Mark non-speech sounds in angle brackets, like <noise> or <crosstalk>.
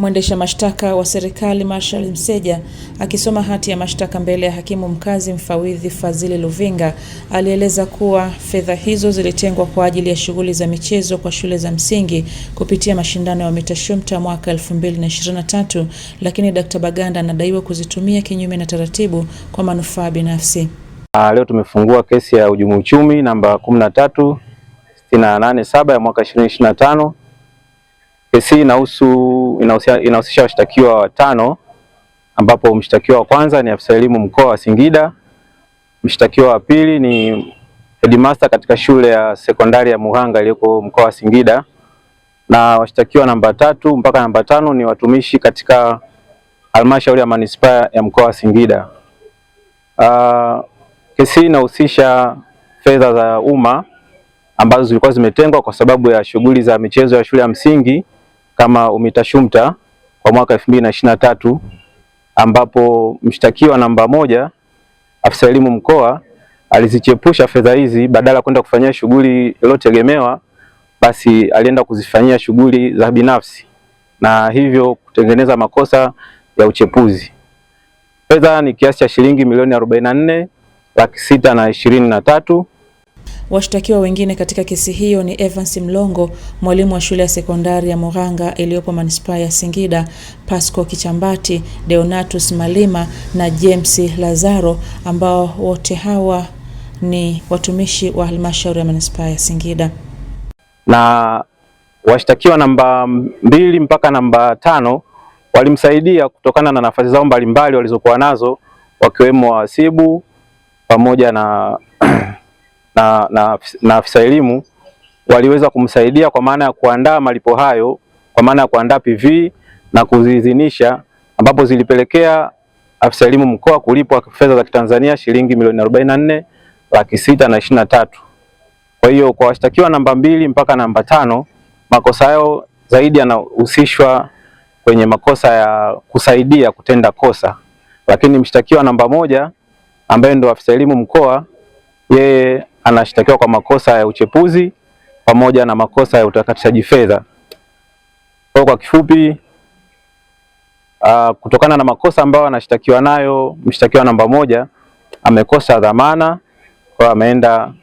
Mwendesha mashtaka wa serikali Marshal Mseja akisoma hati ya mashtaka mbele ya hakimu mkazi mfawidhi fazili Luvinga alieleza kuwa fedha hizo zilitengwa kwa ajili ya shughuli za michezo kwa shule za msingi kupitia mashindano ya Mitashumta mwaka 2023 lakini Dkt. Baganda anadaiwa kuzitumia kinyume na taratibu kwa manufaa binafsi. Ah, leo tumefungua kesi ya hujumu uchumi namba 687 ya mwaka 2025. Kesi inahusu inahusisha washtakiwa watano ambapo mshtakiwa wa kwanza ni afisa elimu mkoa wa Singida, mshtakiwa wa pili ni headmaster katika shule ya sekondari ya Muhanga iliyoko mkoa wa Singida, na washtakiwa namba tatu mpaka namba tano ni watumishi katika halmashauri ya manispaa ya mkoa wa Singida. Uh, kesi hii inahusisha fedha za umma ambazo zilikuwa zimetengwa kwa sababu ya shughuli za michezo ya shule ya msingi kama UMITA-SHUMTA kwa mwaka tatu ambapo mshtakiwa namba moja afisa elimu mkoa alizichepusha fedha hizi, badala kwenda kufanyia shughuli iliyotegemewa, basi alienda kuzifanyia shughuli za binafsi na hivyo kutengeneza makosa ya uchepuzi. Fedha ni kiasi cha shilingi milioni arobaini na nne laki sita na ishirini na tatu. Washtakiwa wengine katika kesi hiyo ni Evans Mlongo, mwalimu wa shule ya sekondari ya Murang'a iliyopo manispaa ya Singida, Pasco Kichambati, Deonatus Malima na James Lazaro ambao wote hawa ni watumishi wa halmashauri ya manispaa ya Singida. Na washtakiwa namba mbili mpaka namba tano walimsaidia kutokana na nafasi zao mbalimbali walizokuwa nazo wakiwemo wahasibu pamoja na <clears throat> na, na, na afisa elimu waliweza kumsaidia kwa maana ya kuandaa malipo hayo kwa maana ya kuandaa PV na kuziidhinisha, ambapo zilipelekea afisa elimu mkoa kulipwa fedha za Kitanzania shilingi milioni arobaini na nne laki sita na ishirini na tatu. Kwa hiyo kwa washtakiwa namba mbili mpaka namba tano makosa yao zaidi yanahusishwa kwenye makosa ya kusaidia kutenda kosa, lakini mshtakiwa namba moja ambaye ndo afisa elimu mkoa yeye anashtakiwa kwa makosa ya uchepuzi pamoja na makosa ya utakatishaji fedha. Kwa kwa kifupi, uh, kutokana na makosa ambayo anashtakiwa nayo mshtakiwa namba moja amekosa dhamana kwa ameenda